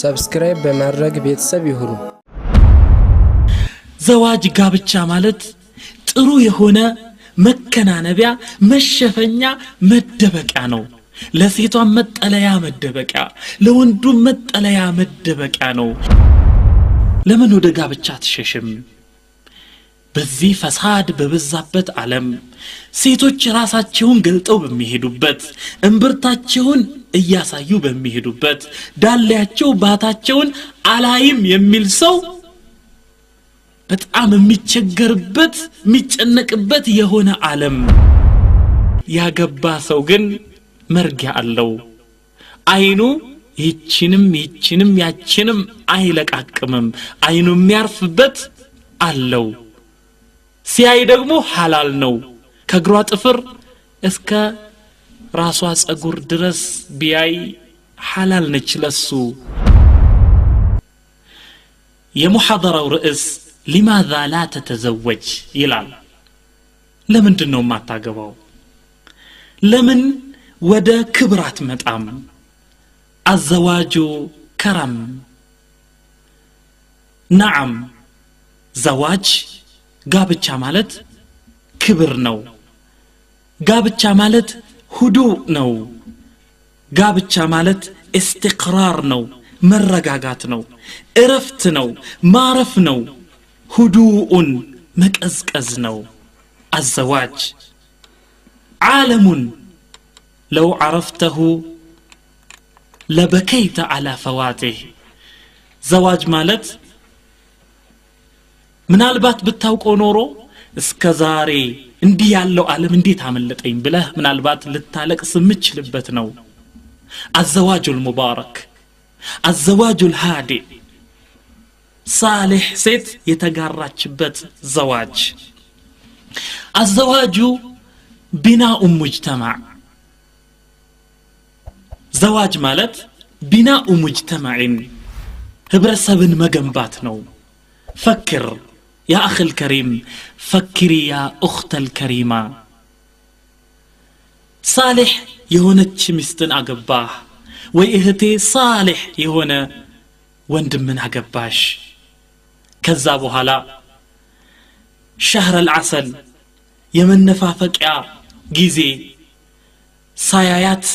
ሰብስክራይብ በማድረግ ቤተሰብ ይሁኑ። ዘዋጅ ጋብቻ ማለት ጥሩ የሆነ መከናነቢያ፣ መሸፈኛ፣ መደበቂያ ነው። ለሴቷም መጠለያ መደበቂያ፣ ለወንዱም መጠለያ መደበቂያ ነው። ለምን ወደ ጋብቻ አትሸሽም? በዚህ ፈሳድ በበዛበት ዓለም ሴቶች ራሳቸውን ገልጠው በሚሄዱበት እምብርታቸውን እያሳዩ በሚሄዱበት ዳሌያቸው ባታቸውን አላይም የሚል ሰው በጣም የሚቸገርበት የሚጨነቅበት የሆነ ዓለም ያገባ ሰው ግን መርጊያ አለው። አይኑ ይችንም ይችንም ያችንም አይለቃቅምም። አይኑ የሚያርፍበት አለው። ሲያይ ደግሞ ሐላል ነው ከእግሯ ጥፍር እስከ ራሷ ጸጉር ድረስ ቢያይ ሐላል ነች ለሱ የሙሐደራው ርዕስ ሊማዛ ላ ተተዘወጅ ይላል ለምንድን ነው የማታገባው ለምን ወደ ክብር አትመጣም አዘዋጁ ከረም ናዓም ዘዋጅ ጋብቻ ማለት ክብር ነው ጋብቻ ማለት ሁዱ ነው ጋብቻ ማለት እስትቅራር ነው መረጋጋት ነው እረፍት ነው ማረፍ ነው ሁዱኡን መቀዝቀዝ ነው አዘዋጅ ዓለሙን ለው ዓረፍተሁ ለበከይተ ዓላ ፈዋቴህ ዘዋጅ ማለት ምናልባት ብታውቀው ኖሮ እስከ ዛሬ እንዲህ ያለው ዓለም እንዴት አመለጠኝ ብለህ ምናልባት ልታለቅስ የምችልበት ነው አዘዋጁል ሙባረክ አዘዋጁል ሃዴ ሳሌሕ ሴት የተጋራችበት ዘዋጅ አዘዋጁ ቢናኡ ሙጅተማዕ ዘዋጅ ማለት ቢናኡ ሙጅተማዕን ህብረተሰብን መገንባት ነው ፈክር يا أخي الكريم فكري يا أخت الكريمة صالح የሆነች ሚስትን አገባህ ወይ እህቴ ሳሌሕ የሆነ ወንድምን አገባሽ ከዛ በኋላ ሸህረ ልዓሰል የመነፋፈቂያ ጊዜ ሳያያት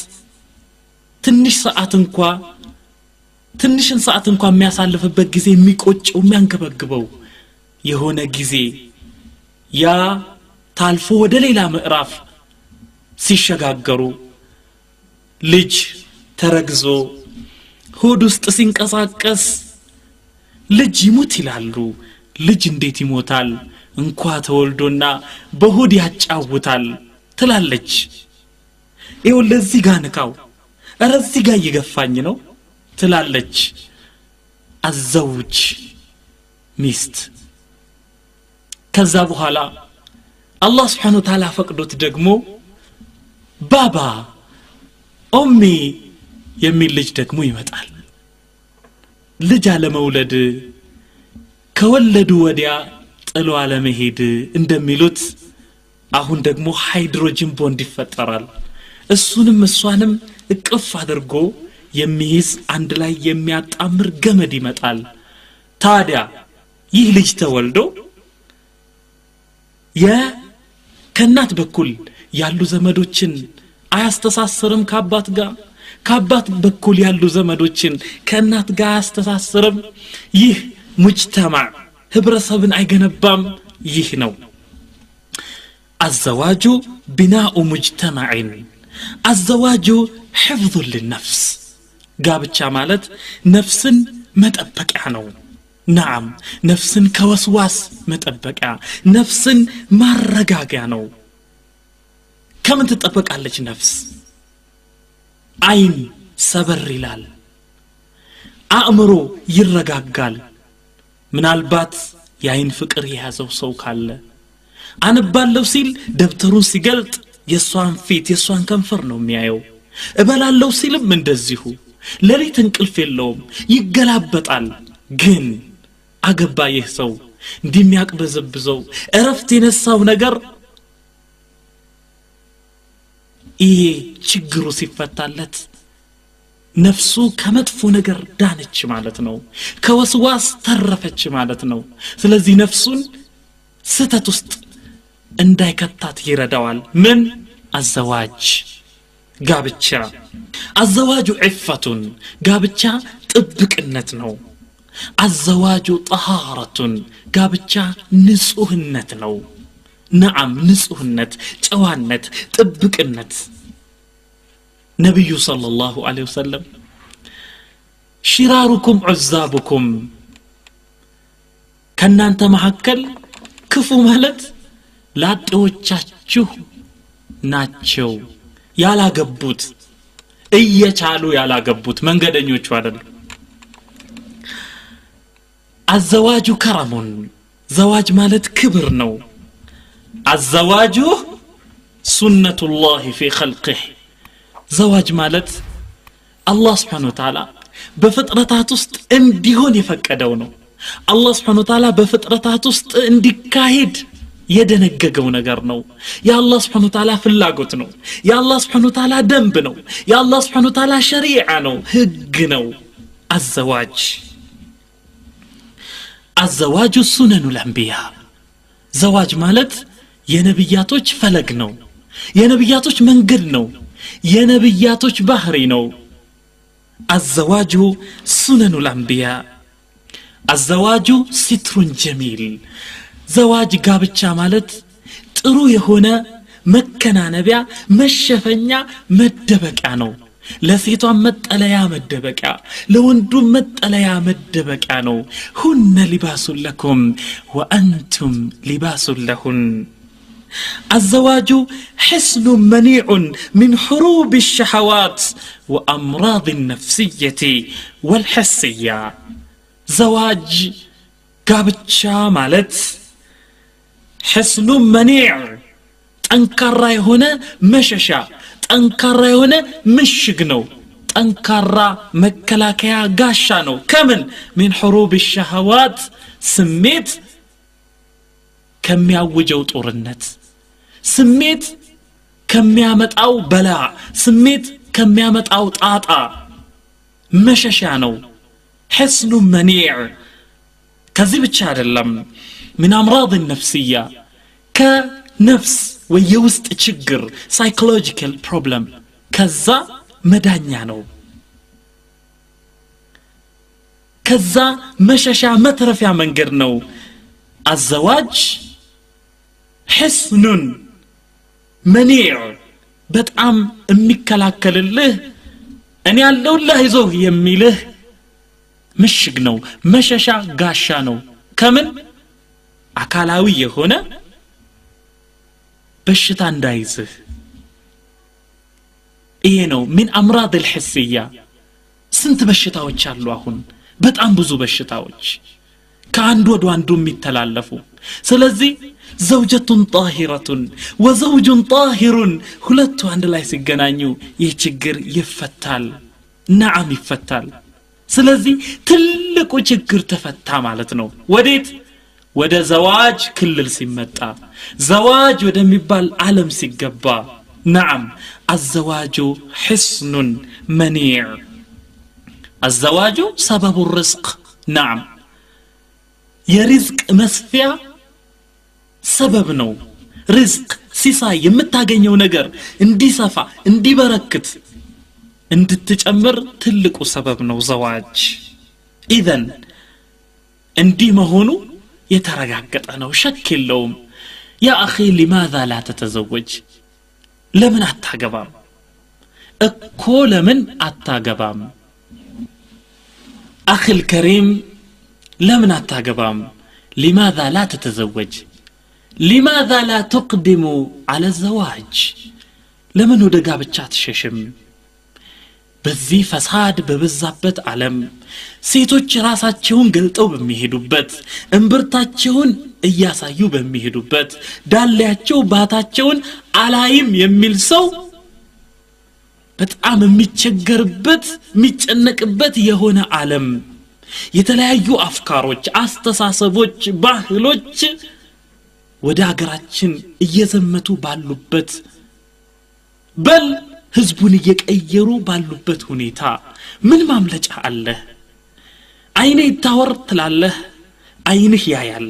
ትንሽ ሰዓት እንኳ ትንሽን ሰዓት እንኳ የሚያሳልፍበት ጊዜ የሚቆጨው የሚያንገበግበው የሆነ ጊዜ ያ ታልፎ ወደ ሌላ ምዕራፍ ሲሸጋገሩ ልጅ ተረግዞ ሆድ ውስጥ ሲንቀሳቀስ ልጅ ይሙት ይላሉ። ልጅ እንዴት ይሞታል? እንኳ ተወልዶና በሆድ ያጫውታል ትላለች። ይው ለዚህ ጋ ንካው፣ እረ እዚህ ጋ እየገፋኝ ነው ትላለች። አዘውች ሚስት ከዛ በኋላ አላህ ስብሓን ታላ ፈቅዶት ደግሞ ባባ ኦሚ የሚል ልጅ ደግሞ ይመጣል ልጅ አለመውለድ ከወለዱ ወዲያ ጥሎ አለመሄድ እንደሚሉት አሁን ደግሞ ሃይድሮጅን ቦንድ ይፈጠራል እሱንም እሷንም እቅፍ አድርጎ የሚይዝ አንድ ላይ የሚያጣምር ገመድ ይመጣል ታዲያ ይህ ልጅ ተወልዶ ከእናት በኩል ያሉ ዘመዶችን አያስተሳስርም ከአባት ጋር ከአባት በኩል ያሉ ዘመዶችን ከእናት ጋር አያስተሳስርም ይህ ሙጅተማ ህብረሰብን አይገነባም ይህ ነው አዘዋጁ ቢናኡ ሙጅተማዕን አዘዋጁ ሕፍظ ልነፍስ ጋብቻ ማለት ነፍስን መጠበቂያ ነው ናም ነፍስን ከወስዋስ መጠበቂያ ነፍስን ማረጋጊያ ነው ከምን ትጠበቃለች ነፍስ አይን ሰበር ይላል አእምሮ ይረጋጋል ምናልባት የአይን ፍቅር የያዘው ሰው ካለ አንባለው ሲል ደብተሩን ሲገልጥ የእሷን ፊት የእሷን ከንፈር ነው የሚያየው እበላለው ሲልም እንደዚሁ ሌሊት እንቅልፍ የለውም ይገላበጣል ግን አገባ ይህ ሰው እንዲሚያቅበዘብዘው እረፍት የነሳው ነገር ይሄ ችግሩ ሲፈታለት ነፍሱ ከመጥፎ ነገር ዳነች ማለት ነው ከወስዋስ ተረፈች ማለት ነው ስለዚህ ነፍሱን ስተት ውስጥ እንዳይከታት ይረዳዋል ምን አዘዋጅ ጋብቻ አዘዋጁ ዕፈቱን ጋብቻ ጥብቅነት ነው አዘዋጁ ጠሃረቱን ጋብቻ ንጹህነት ነው ነዓም ንጹህነት ጨዋነት ጥብቅነት ነቢዩ صለ ላሁ ለ ወሰለም ሽራሩኩም ዑዛቡኩም ከእናንተ መካከል ክፉ ማለት ላጤዎቻችሁ ናቸው ያላገቡት እየቻሉ ያላገቡት መንገደኞቹ አደሉ። አዘዋጁ ከረሙን ዘዋጅ ማለት ክብር ነው አዘዋጁ ሱነቱላህ ፊ ኸልቅህ ዘዋጅ ማለት አላህ ስብሓን ወተዓላ በፍጥረታት ውስጥ እንዲሆን የፈቀደው ነው አላህ ስብሓን ወተዓላ በፍጥረታት ውስጥ እንዲካሄድ የደነገገው ነገር ነው የአላህ ስብሓን ወተዓላ ፍላጎት ነው የአላህ ስብሓን ወተዓላ ደንብ ነው የአላህ ስብሓን ወተዓላ ሸሪዓ ነው ህግ ነው አዘዋጅ አዘዋጁ ሱነኑ ልአንቢያ ዘዋጅ ማለት የነቢያቶች ፈለግ ነው የነብያቶች መንገድ ነው የነብያቶች ባህሪ ነው አዘዋጁ ሱነኑ ልአንቢያ አዘዋጁ ሲትሩን ጀሚል ዘዋጅ ጋብቻ ማለት ጥሩ የሆነ መከናነቢያ መሸፈኛ መደበቂያ ነው ለሴቷም መጠለያ መደበቂያ ለወንዱም መጠለያ መደበቂያ ነው ሁነ ሊባሱን ለኩም ወአንቱም ሊባሱን ለሁን الزواج حسن منيع من حروب الشهوات وأمراض النفسية والحسية زواج قابتشا مالت حسن منيع أنكر هنا مششا ጠንካራ የሆነ ምሽግ ነው። ጠንካራ መከላከያ ጋሻ ነው። ከምን ሚን ሑሩብ ሸህዋት ስሜት ከሚያውጀው ጦርነት፣ ስሜት ከሚያመጣው በላ፣ ስሜት ከሚያመጣው ጣጣ መሸሻ ነው። ሕስኑ መኒዕ ከዚህ ብቻ አይደለም። ምን አምራድ ነፍስያ ከነፍስ ወይ የውስጥ ችግር ሳይኮሎጂካል ፕሮብለም ከዛ መዳኛ ነው ከዛ መሸሻ መትረፊያ መንገድ ነው አዘዋጅ ሕስኑን መኒዕ በጣም የሚከላከልልህ እኔ ያለውላህ ይዞህ የሚልህ ምሽግ ነው መሸሻ ጋሻ ነው ከምን አካላዊ የሆነ በሽታ እንዳይዝህ ይሄ ነው ምን አምራድ ልሕስያ ስንት በሽታዎች አሉ አሁን በጣም ብዙ በሽታዎች ከአንድ ወደ አንዱ የሚተላለፉ ስለዚህ ዘውጀቱን ጣሂረቱን ወዘውጁን ጣሂሩን ሁለቱ አንድ ላይ ሲገናኙ ይህ ችግር ይፈታል ነዓም ይፈታል ስለዚህ ትልቁ ችግር ተፈታ ማለት ነው ወዴት ወደ ዘዋጅ ክልል ሲመጣ ዘዋጅ ወደሚባል ዓለም ሲገባ ናም አዘዋጁ ሕስኑን መኒዕ አዘዋጁ ሰበቡ ርዝቅ ናም የሪዝቅ መስፊያ ሰበብ ነው ሪዝቅ ሲሳይ የምታገኘው ነገር እንዲሰፋ እንዲበረክት እንድትጨምር ትልቁ ሰበብ ነው ዘዋጅ ኢዘን እንዲህ መሆኑ የተረጋገጠ ነው ሸክ የለውም ያ አኺ ሊማዛ ላ ተተዘወጅ ለምን አታገባም እኮ ለምን አታገባም አኺል ከሪም ለምን አታገባም ሊማዛ ላ ተተዘወጅ ሊማዛ ላ ትቅድሙ አለ ዘዋጅ ለምን ወደ ጋብቻ አትሸሽም በዚህ ፈሳድ በበዛበት ዓለም ሴቶች ራሳቸውን ገልጠው በሚሄዱበት እምብርታቸውን እያሳዩ በሚሄዱበት ዳሌያቸው ባታቸውን አላይም የሚል ሰው በጣም የሚቸገርበት የሚጨነቅበት የሆነ ዓለም የተለያዩ አፍካሮች፣ አስተሳሰቦች፣ ባህሎች ወደ አገራችን እየዘመቱ ባሉበት በል ህዝቡን እየቀየሩ ባሉበት ሁኔታ ምን ማምለጫ አለህ? አይኔ ይታወር ትላለህ፣ አይንህ ያያል።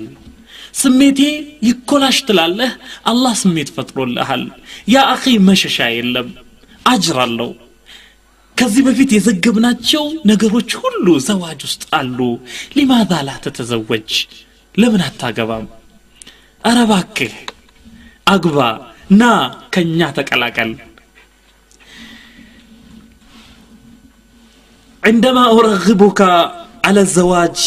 ስሜቴ ይኮላሽ ትላለህ፣ አላህ ስሜት ፈጥሮልሃል። ያ አኺ መሸሻ የለም፣ አጅር አለው። ከዚህ በፊት የዘገብናቸው ነገሮች ሁሉ ዘዋጅ ውስጥ አሉ። ሊማዛ ላ ተተዘወጅ ለምን አታገባም? አረባክህ አግባ፣ ና ከእኛ ተቀላቀል። عندما أرغبك على الزواج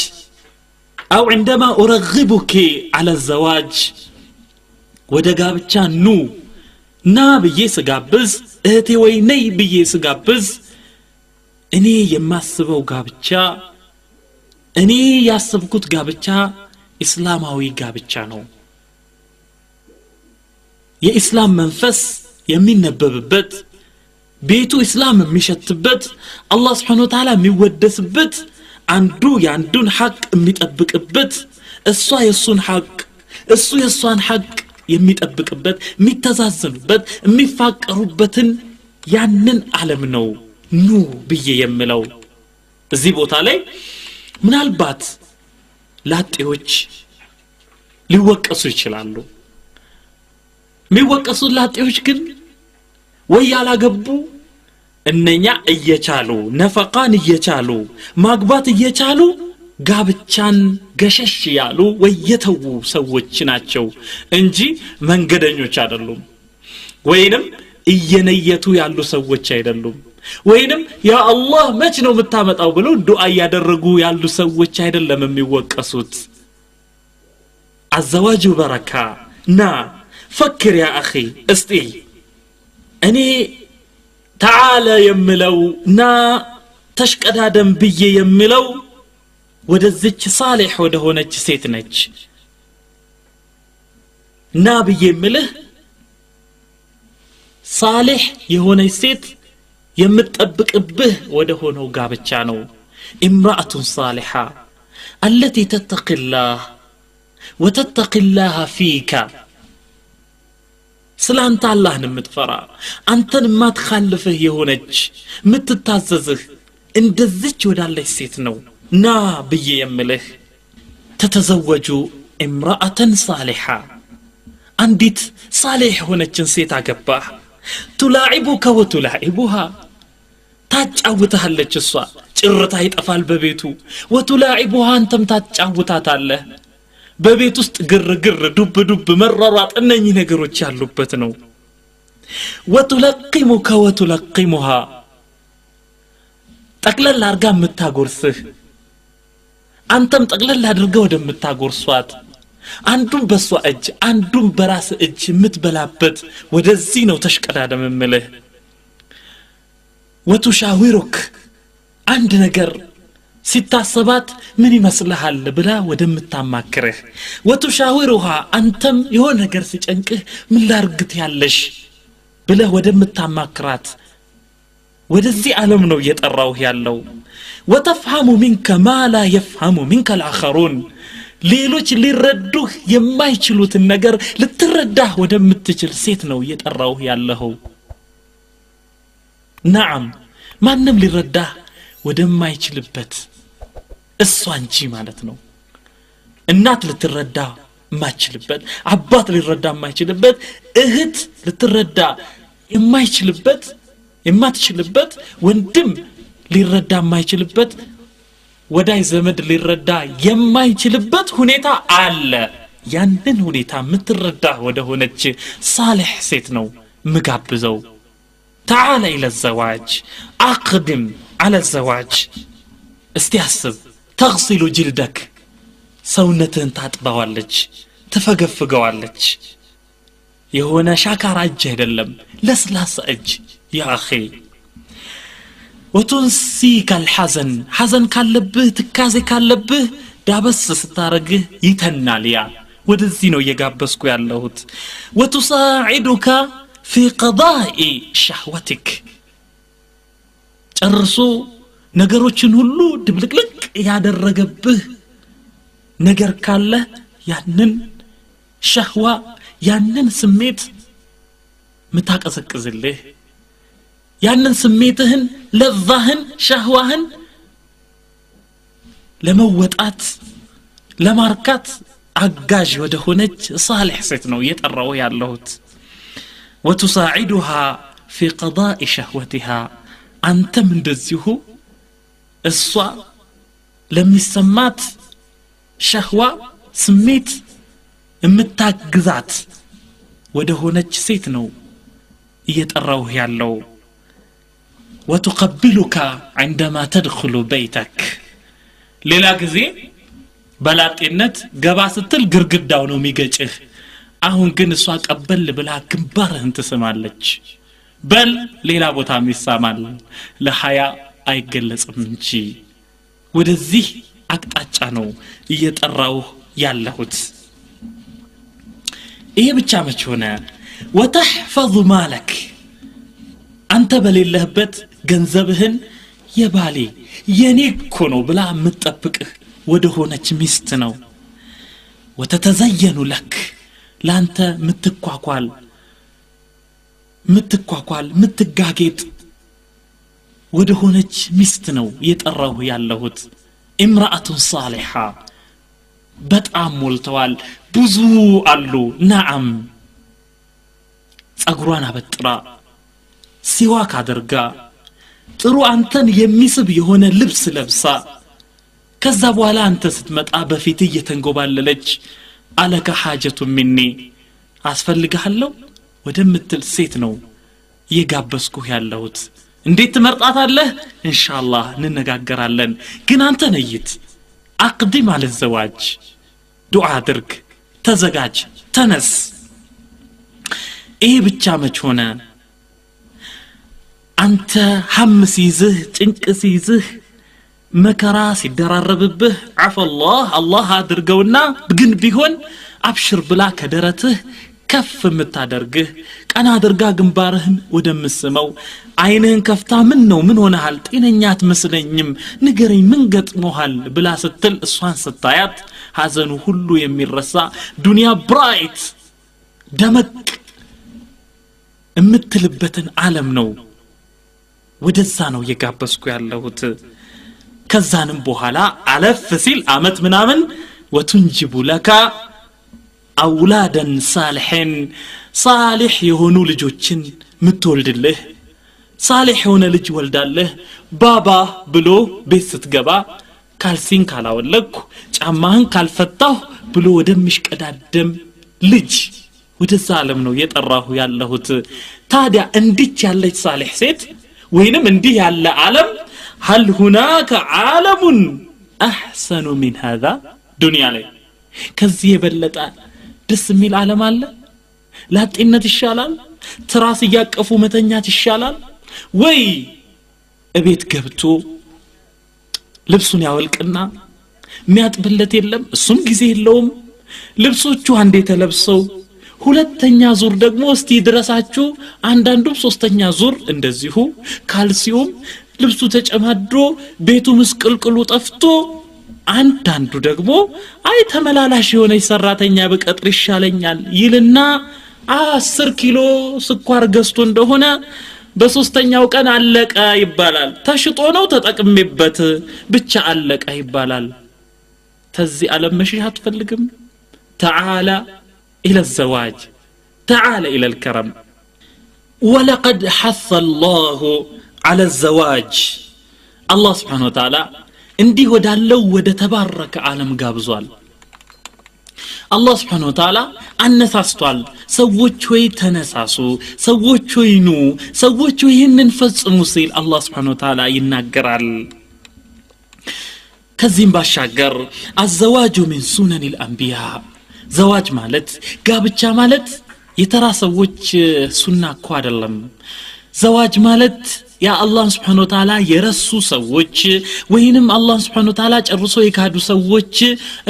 أو عندما أرغبك على الزواج ወደ ጋብቻ ኑ ና ብዬ ስጋብዝ እህቴ ወይ ነይ ብዬ ስጋብዝ እኔ የማስበው ጋብቻ እኔ ያሰብኩት ጋብቻ ኢስላማዊ ጋብቻ ነው የኢስላም መንፈስ የሚነበብበት ቤቱ ኢስላም የሚሸትበት አላህ ስብሓን ወተዓላ የሚወደስበት አንዱ የአንዱን ሐቅ የሚጠብቅበት እሷ የእሱን ሐቅ እሱ የእሷን ሐቅ የሚጠብቅበት የሚተዛዘኑበት የሚፋቀሩበትን ያንን ዓለም ነው ኑ ብዬ የምለው እዚህ ቦታ ላይ ምናልባት ላጤዎች ሊወቀሱ ይችላሉ የሚወቀሱት ላጤዎች ግን ወይ ያላገቡ እነኛ እየቻሉ ነፈቃን እየቻሉ ማግባት እየቻሉ ጋብቻን ገሸሽ ያሉ ወየተዉ ሰዎች ናቸው እንጂ መንገደኞች አይደሉም። ወይንም እየነየቱ ያሉ ሰዎች አይደሉም። ወይንም ያ አላህ መች ነው የምታመጣው ብለው ዱዓ እያደረጉ ያሉ ሰዎች አይደለም የሚወቀሱት። አዘዋጁ በረካ ና ፈክር ያ አኺ እስጢ እኔ ተዓለ የምለው ና ተሽቀዳደም ብዬ የምለው ወደዚች ሳሌሕ ወደ ሆነች ሴት ነች ና ብዬ የምልህ ሳሌሕ የሆነች ሴት የምጠብቅብህ ወደ ሆነው ጋብቻ ነው ኢምራአቱን ሳሊሓ አለቲ ተተቂላህ ወተተቂላሃ ፊካ ስለ አንተ አላህን የምትፈራ አንተን የማትካልፍህ የሆነች የምትታዘዝህ እንደዚች ወዳለች ሴት ነው ና ብዬ የምልህ ተተዘወጁ እምራአተን ሳሌሓ አንዲት ሳሌሕ የሆነችን ሴት አገባህ ቱላዒቡከ ወቱላዒቡሃ ታጫውትሃለች እሷ ጭርታ ይጠፋል በቤቱ ወቱላዒቡሃ አንተም ታጫውታታለህ በቤት ውስጥ ግርግር፣ ዱብ ዱብ መሯሯጥ፣ እነኚህ ነገሮች ያሉበት ነው። ወቱለቂሙከ ወቱለቂሙሃ ጠቅለል አርጋ የምታጎርስህ አንተም ጠቅለል አድርገ ወደምታጎርሷት አንዱም በእሷ እጅ አንዱም በራስ እጅ የምትበላበት ወደዚህ ነው ተሽቀዳደም የምልህ ወቱሻዊሩክ አንድ ነገር ሲታሰባት ምን ይመስልሃል ብላ ወደምታማክርህ ወቱሻዊር ውሃ አንተም የሆነ ነገር ሲጨንቅህ ምን ላርግት ያለሽ ብለህ ወደምታማክራት ወደዚህ ዓለም ነው እየጠራውህ ያለው ወተፍሐሙ ሚንከ ማ ላ ሚንከ ልአኸሩን ሌሎች ሊረዱህ የማይችሉትን ነገር ልትረዳህ ወደምትችል ሴት ነው እየጠራውህ ያለኸው ናዓም ማንም ሊረዳህ ወደማይችልበት እሷ አንቺ ማለት ነው እናት ልትረዳ የማይችልበት አባት ሊረዳ የማይችልበት እህት ልትረዳ የማይችልበት የማትችልበት ወንድም ሊረዳ የማይችልበት ወዳይ ዘመድ ሊረዳ የማይችልበት ሁኔታ አለ ያንን ሁኔታ የምትረዳ ወደ ሆነች ሳሌሕ ሴት ነው ምጋብዘው ተዓላ ኢለ ዘዋጅ አቅድም አለ ዘዋጅ እስቲ አስብ ተغሲሉ ጅልደክ ሰውነትህን ታጥበዋለች ትፈገፍገዋለች የሆነ ሻካራ እጅ አይደለም ለስላሳ እጅ ያ አኼ ወቱንሲ ካልሐዘን ሐዘን ካለብህ ትካዜ ካለብህ ዳበስ ስታረግህ ይተናል ያ ወደዚህ ነው እየጋበዝኩ ያለሁት ወቱሳዒዱካ ፊ ቀዳኢ ሻህወቲክ ጨርሶ ነገሮችን ሁሉ ድብልቅልቅ ያደረገብህ ነገር ካለ ያንን ሸህዋ ያንን ስሜት ምታቀሰቅዝልህ ያንን ስሜትህን ለዛህን ሸህዋህን ለመወጣት ለማርካት አጋዥ ወደ ሆነች ሳሌሕ ሴት ነው እየጠራው ያለሁት ወቱሳዒዱሃ ፊ ቀዳኢ ሸህወቲሃ አንተም እንደዚሁ እሷ ለሚሰማት ሸህዋ ስሜት የምታግዛት ወደ ሆነች ሴት ነው እየጠራውህ ያለው ወቱቀቢሉካ عندما ተድخሉ በይተክ ሌላ ጊዜ በላጤነት ገባ ስትል ግርግዳው ነው የሚገጭህ አሁን ግን እሷ ቀበል ብላ ግንባርህን ትስማለች በል ሌላ ቦታም ይሳማል ለሀያ አይገለጽም እንጂ ወደዚህ አቅጣጫ ነው እየጠራው ያለሁት ይሄ ብቻ መች ሆነ ወተሕፈظ ማለክ አንተ በሌለህበት ገንዘብህን የባሌ የኔ እኮ ነው ብላ የምትጠብቅህ ወደ ሆነች ሚስት ነው ወተተዘየኑ ለክ ለአንተ ምትኳኳል ምትኳኳል ምትጋጌጥ ወደ ሆነች ሚስት ነው የጠራሁ ያለሁት ኢምራአቱን ሳሊሓ በጣም ሞልተዋል ብዙ አሉ ናአም ጸጉሯን አበጥራ ሲዋክ አድርጋ ጥሩ አንተን የሚስብ የሆነ ልብስ ለብሳ ከዛ በኋላ አንተ ስትመጣ በፊት እየተንጎባለለች አለከ ሓጀቱ ምኒ አስፈልግሃለሁ ወደምትል ሴት ነው እየጋበዝኩህ ያለሁት እንዴት ትመርጣታለህ? ኢንሻአላህ እንነጋገራለን። ግን አንተ ነይት አቅዲም ማለት ዘዋጅ ዱዓ አድርግ፣ ተዘጋጅ፣ ተነስ። ይሄ ብቻ መች ሆነ? አንተ ሀም ሲይዝህ፣ ጭንቅ ሲይዝህ፣ መከራ ሲደራረብብህ አፈላህ አላህ አድርገውና ግን ቢሆን አብሽር ብላ ከደረትህ ከፍ የምታደርግህ ቀና አድርጋ ግንባርህን ወደምስመው አይንህን ከፍታ ምን ነው ምን ሆነሃል? ጤነኛ አትመስለኝም፣ ንገረኝ ምን ገጥሞሃል? ብላ ስትል እሷን ስታያት ሀዘኑ ሁሉ የሚረሳ ዱንያ ብራይት ደመቅ የምትልበትን አለም ነው። ወደዛ ነው እየጋበዝኩ ያለሁት። ከዛንም በኋላ አለፍ ሲል አመት ምናምን ወቱንጅቡ ለካ አውላደን ሳልሕን ሳሌሕ የሆኑ ልጆችን ምትወልድልህ ሳሌሕ የሆነ ልጅ ወልዳለህ ባባ ብሎ ቤት ስትገባ ካልሲን ካላወለቅኩ ጫማህን ካልፈታሁ ብሎ ወደሚሽቀዳደም ልጅ ወደዛ ዓለም ነው የጠራሁ ያለሁት ታዲያ እንዲች ያለች ሳሌሕ ሴት ወይንም እንዲህ ያለ ዓለም هل هناك عالم أحسن من هذا دنيا لي كذي بلتا ደስ የሚል ዓለም አለ ላጤነት ይሻላል ትራስ እያቀፉ መተኛት ይሻላል ወይ እቤት ገብቶ ልብሱን ያወልቅና የሚያጥብለት የለም እሱም ጊዜ የለውም ልብሶቹ አንዴ ተለብሰው ሁለተኛ ዙር ደግሞ እስቲ ድረሳችሁ አንዳንዱም ሶስተኛ ዙር እንደዚሁ ካልሲውም ልብሱ ተጨማዶ ቤቱ ምስቅልቅሉ ጠፍቶ አንዳንዱ ደግሞ አይ ተመላላሽ የሆነች ሰራተኛ ብቀጥር ይሻለኛል ይልና አስር ኪሎ ስኳር ገዝቶ እንደሆነ በሶስተኛው ቀን አለቀ ይባላል። ተሽጦ ነው ተጠቅሜበት ብቻ አለቀ ይባላል። ተዚህ ዓለም መሽሽ አትፈልግም። ተዓላ ኢለ ዘዋጅ ተዓላ ኢለ ልከረም ወለቀድ ሐث አላሁ ዐለ ዘዋጅ አላህ ስብሓን ወተላ እንዲህ ወዳለው ወደ ተባረከ ዓለም ጋብዟል። አላህ ስብሓነ ወተዓላ አነሳስቷል። ሰዎች ሆይ ተነሳሱ፣ ሰዎች ሆይ ኑ፣ ሰዎች ሆይ ይህንን ፈጽሙ ሲል አላህ ስብሓነ ወተዓላ ይናገራል። ከዚህም ባሻገር አዘዋጁ ሚን ሱነን ልአንቢያ ዘዋጅ ማለት ጋብቻ ማለት የተራ ሰዎች ሱና እኮ አይደለም። ዘዋጅ ማለት ያ አላህን ስብሓነ የረሱ ሰዎች ወይንም አላህን ስብሓነ ወተዓላ ጨርሶ የካዱ ሰዎች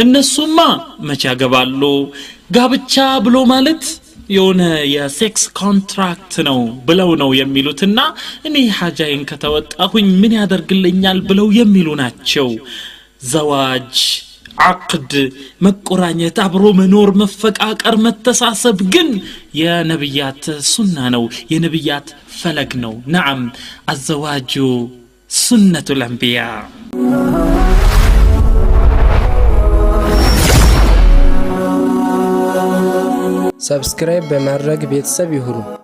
እነሱማ መቼ ያገባሉ? ጋብቻ ብሎ ማለት የሆነ የሴክስ ኮንትራክት ነው ብለው ነው የሚሉትና እኔ ሐጃዬን ከተወጣሁኝ ምን ያደርግልኛል ብለው የሚሉ ናቸው ዘዋጅ አቅድ መቆራኘት፣ አብሮ መኖር፣ መፈቃቀር፣ መተሳሰብ ግን የነብያት ሱና ነው፣ የነብያት ፈለግ ነው። ናም አዘዋጁ ሱነቱ አንቢያ። ሰብስክራይብ በማድረግ ቤተሰብ ይሁኑ።